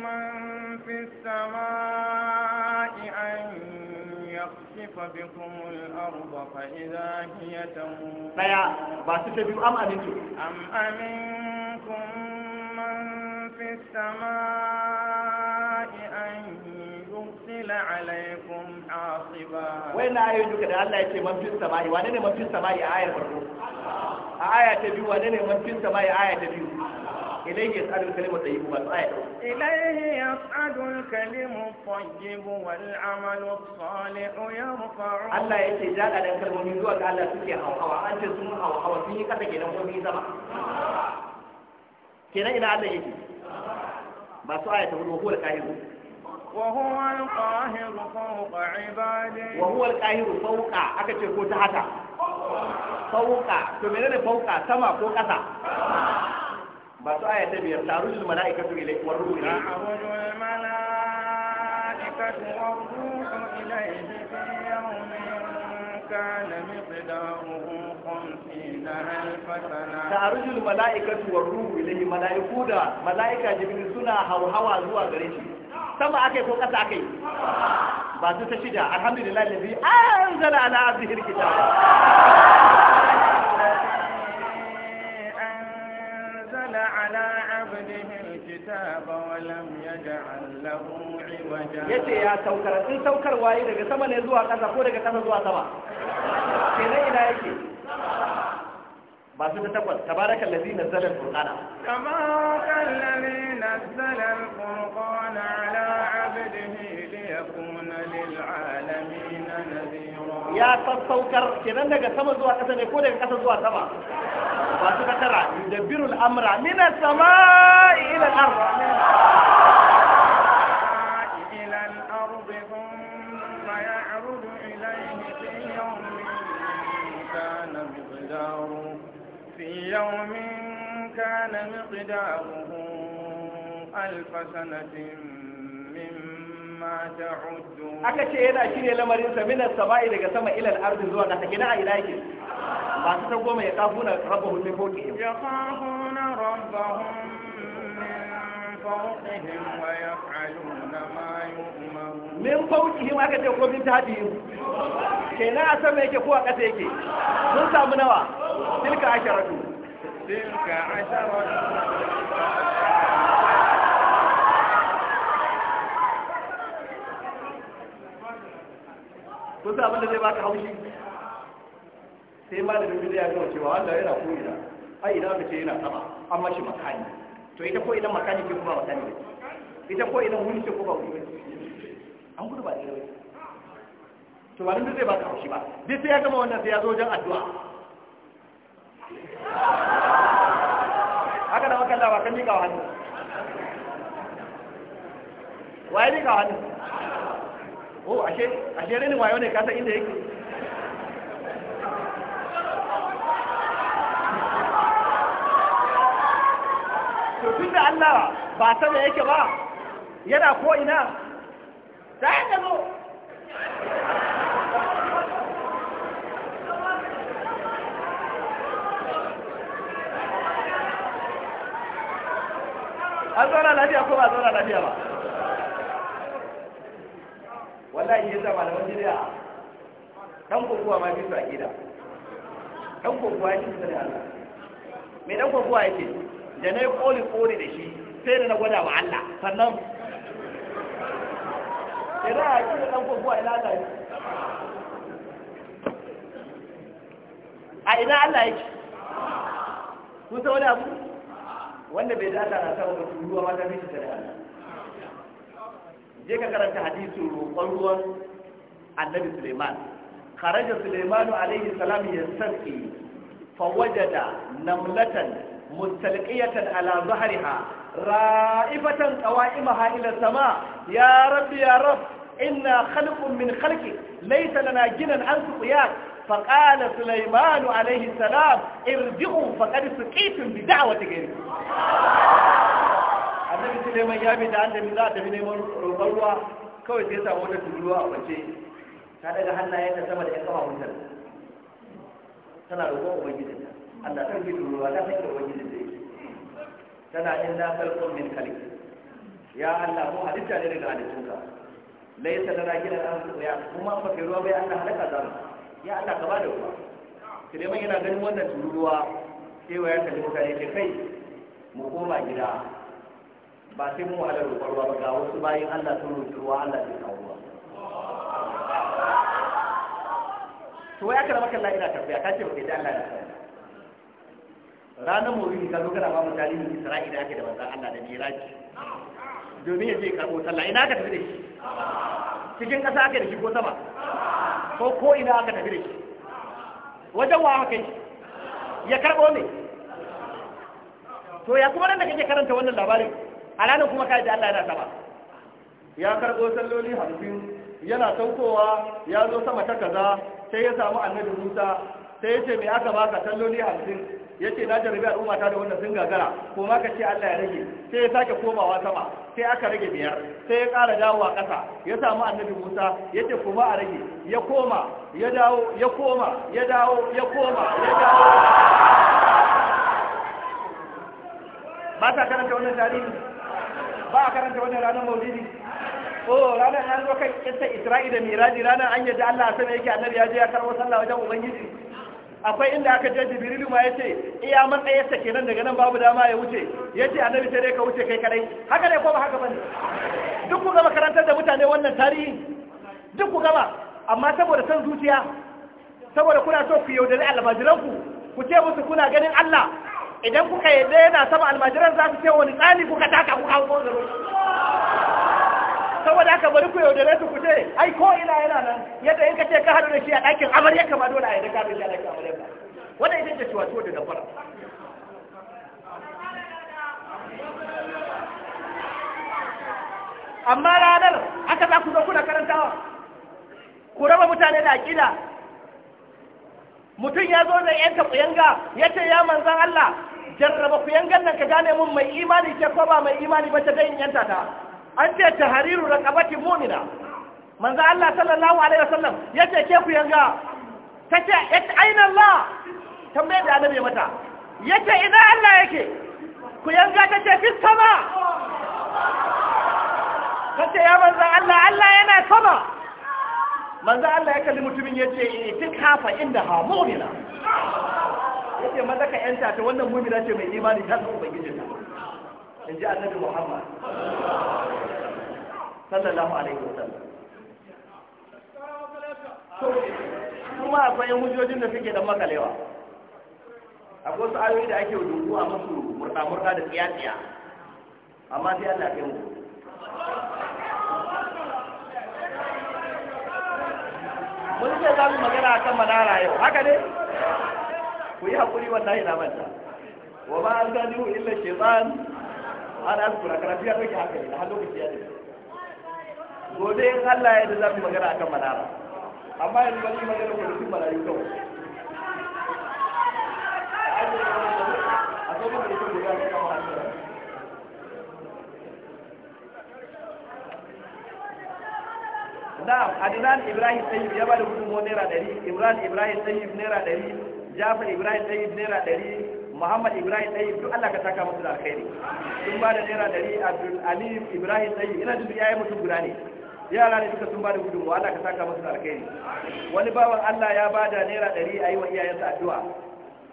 man fis samai an yakhsifa bikum al-ardha fa idha hiya tamur daya ba su ta biyu am amintum am aminkum man fis samai alaikum asiba na ayu duka da Allah yace man fis samai wane ne man fis samai ayar farko a aya ta biyu wane ne man fis a aya ta biyu ilayhi yas'adul kalimu tayyibu wal aya ilayhi yas'adul kalimu tayyibu wal amalu salih yarfa'u Allah yace da dan karbomi zuwa ga Allah suke hawa an ce sun hawa hawa sun yi kada kenan ko bi sama kenan ina Allah yake masu aya ta hudu ko da kai وهو القاهر فوق عباده وهو القاهر فوق أكتب كوتهاتا فوق تمنين فوق سما ba aya ta biyar ta rujul mala'ikatu ilayhi war ruhu ilayhi rujul mala'ikatu war ruhu ilayhi fi yawmin kana miqdaruhu khamsina alf sana ta rujul mala'ikatu da mala'ika jibril suna hawhawa zuwa gare shi sama aka yi ko ƙasa aka yi ba su ta shida alhamdulillah lalzi an zana ala abdihir kitab على عبده الكتاب ولم يجعل له عوجا yace ya saukar in saukar waye daga sama ne zuwa ƙasa ko daga ƙasa zuwa sama kenan ina yake masu ta takwas tabarakan lazi na zalar furkana kama kan lazi na zalar furkana ya sassaukar kenan daga sama zuwa ƙasa ne ko daga ƙasa zuwa sama ba su tara da birul amra mina sama ila al-ard ila al-ard thumma ya'rudu ilayhi fi yawmin kana miqdaru fi yawmin kana miqdaruhu alf sanatin mimma aka ce yana shirya lamarin sa minas sama'i daga sama ilal arzikin zuwa kasa gina a ilaki masu ba su ta goma ya kafuna rabbahum min fawqihim ya kafuna rabbahum min fawqihim wa yaf'aluna ma yu'marun min fawqihim aka ce ko min tahdihim kenan a sama yake ko a kasa yake samu nawa tilka asharatu tilka asharatu kun sa abin da zai baka haushi sai malamin bida ya gama cewa Allah yana ko ina ai ina ka ce yana sama amma shi makani to ita ko ina makani ke kuma makani ita ko ina wuni ce ko ba wuni an gudu ba ne to ba nan zai baka haushi ba duk sai ya gama wannan sai ya zo wajen addu'a haka da makalla ba kan mika wa hannu waye mika wa hannu oh ashe ashe rani wayo ne ka inda yake to tunda Allah ba sama yake ba yana ko ina ta ka zo an zauna lafiya ko ba zauna lafiya ba wallahi yasa malaman bid'a dan kokuwa ma bisa gida dan kokuwa ce bisa da Allah me dan kokuwa yake da nayi koli koli da shi sai da na gwada wa Allah sannan idan a kira dan kokuwa ila Allah a ina Allah yake kusa wani abu wanda bai da Allah na sa wani ruwa ma ta fi shi da Allah je ka karanta hadisin roƙon ruwan annabi suleiman kharaja suleiman alayhi salam yastasqi fawajada namlatan mustalqiyatan ala zahriha ra'ifatan qawa'imaha ila sama ya rabbi ya rabb inna khalqun min khalqi laysa lana jinan an suqiyak فقال سليمان عليه السلام ارجعوا فقد سقيتم بدعوة غيركم annabi suleiman ya bi da annabi za a tafi neman roƙon ruwa kawai sai samu wata turuwa a bace ta daga hannayen ta sama da ya kama wutar tana roƙon ubangiji ta Allah ta rubuta ruwa ta san da ubangiji ta yake tana na farkon min kalik ya Allah ko halitta ne daga ka? Lai laysa lana gina an ya kuma ba kai ruwa bai Allah halaka zamu ya Allah ka da ruwa Suleiman yana ganin wannan turuwa sai waya kalli mutane ce kai mu koma gida ba sai mu wahalar roƙon ruwa ba ga wasu bayan Allah sun roƙi ruwa Allah zai kawo ba. to ya aka kalla ina tafiya ka ce ba sai Allah Allah kawo. ranar maulidi ka zo kana ba mu tarihin Isra'ila da ake da manzon Allah da Miraji domin ya je karɓo sallah ina aka tafi da shi cikin ƙasa aka da shi ko sama ko ko ina aka tafi da shi wajen wa aka yi ya karɓo ne to ya kuma nan da kake karanta wannan labarin a kuma kuma da Allah yana sama ya karbo salloli hamsin yana saukowa ya zo sama ta kaza sai ya samu annabi Musa sai ya ce me aka baka salloli hamsin ya ce na jarabi al'umma ta da wanda sun gagara ko ma ka ce Allah ya rage sai ya sake komawa sama sai aka rage biyar sai ya ƙara a ƙasa ya samu annabi Musa yace ce kuma a rage ya koma ya dawo ya koma ya dawo ya koma ya dawo ba ta karanta wannan tarihi ba a karanta wannan ranar maulidi o oh, ranar an zo kan kinta isra'i da miraji ranar an yadda Allah sama yake annabi ya je ya karbo sallah wajen ubangiji akwai inda aka je jibrilu ma ya ce, iya matsayarsa nan, daga nan babu dama ya wuce ya ce annabi sai dai ka wuce kai kadai haka ne ko ba haka bane duk ku gama karantar da mutane wannan tarihi duk ku gama amma saboda san zuciya saboda kuna so ku yaudari almajiranku ku ce musu kuna ganin Allah idan kuka ɗaya na sama almajiran za su ce wani tsani kuka taka kuka hau zaro saboda aka bari ku yaudare su ku ce ai ko ina yana nan yadda in ka ce ka haɗu da shi a ɗakin amarya kama dole a yadda ka haɗu da shi a amarya ba wannan ita ce ciwato da amma ranar aka za ku zo kuna karantawa ku raba mutane da aƙida mutum ya zo da yanta taɓuyanga ya ce ya manzan Allah jarraba ku yan nan ka gane mun mai imani ce ko ba mai imani ba ta dai in yanta ta an ce tahriru raqabati mu'mina manzo Allah sallallahu alaihi wasallam yace ke ku yanga tace aina Allah tambaye da annabi mata yace ina Allah yake ku yanga ce fi sama tace ya manzo Allah Allah yana sama manzo Allah ya kalli mutumin yace eh, itikafa inda ha mu'mina yace maza ka yanta ta wannan mu'mina ce mai imani ta san ubangijinta in ji annabi muhammad sallallahu alaihi wasallam kuma akwai yan hujjojin da suke dan makalewa akwai wasu ayoyi da ake rubutu a musu murɗa-murɗa da tsiya-tsiya amma sai Allah ya mu mun ce za mu magana akan manara yau haka ne ku yi haƙuri wallahi yana manta wa ba an gani hu illa shaitan an azkura karatu ya ɗauki haka ne da hannu lokaci ya tafi gobe in Allah ya da zafi mu magana akan manara amma yanzu ba shi magana ko dukkan marayu kawai a zo mu da guda da kama hannun na'am Adnan Ibrahim Sayyid ya ba da gudunmuwar naira ɗari Imran Ibrahim Sayyid naira ɗari jafar ibrahim ɗayi naira ɗari muhammad ibrahim ɗaya duk allah ka taka musu da alkhairi sun ba da naira ɗari abdul alif ibrahim ɗayi ina jin yi mutum guda ne yara ne duka sun ba da gudunmu allah ka taka musu da alkhairi wani bawan allah ya ba da naira ɗari a yi wa iyayensa addu'a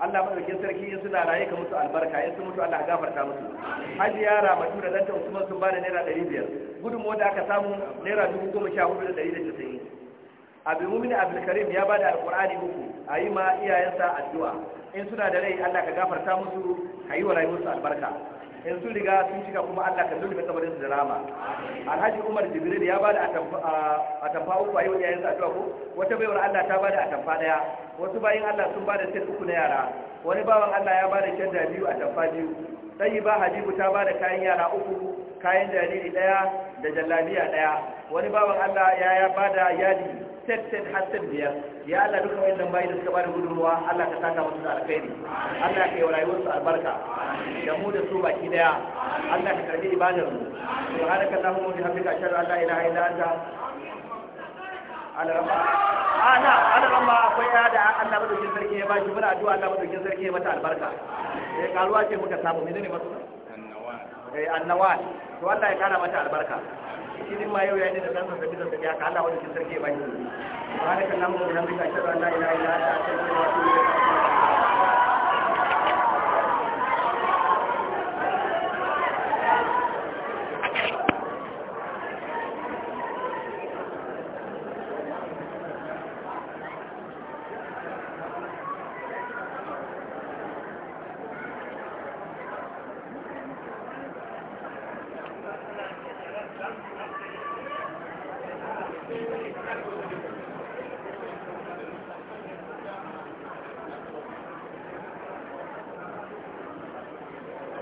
Allah madaukin sarki in suna raye ka musu albarka in sun mutu Allah gafarta musu haji yara matu da danta Usman sun ba da naira biyar gudunmu da aka samu naira casa'in abin mumin abdulkarim ya ba da alkur'ani uku a yi ma iyayensa addu'a in suna da rai allah ka gafarta musu ka yi wa rayuwarsu albarka in sun riga sun cika kuma allah ka lulluɓe kabarinsu da rama alhaji umar jibril ya ba da atamfa uku a yi wa iyayensa addu'a ko wata baiwar allah ta ba da atamfa ɗaya wasu bayan allah sun ba da set uku na yara wani bawan allah ya ba da shadda biyu atamfa biyu sai ba habibu ta ba da kayan yara uku kayan jariri ɗaya da jallabiya ɗaya wani bawan allah ya ba da yadi tattat hasan biyar ya Allah duka wayannan bayi da suka bada gudunmuwa Allah ka saka musu da alkhairi Allah ka yi rayuwar su albarka da mu da su baki daya Allah ka karbi ibadar mu subhanaka allahumma wa bihamdika ashhadu an la ilaha illa anta alarama ana alarama akwai ya da Allah madaukin sarki ya bashi muna addu'a Allah madaukin sarki ya mata albarka eh karuwa ce muka samu menene masu eh, annawan to Allah ya kara mata albarka shi din ma yau ya ne da dan da zazzabi aka Allah wani sarki ya bani subhanaka allahumma wa bihamdika ashhadu an la ilaha illa anta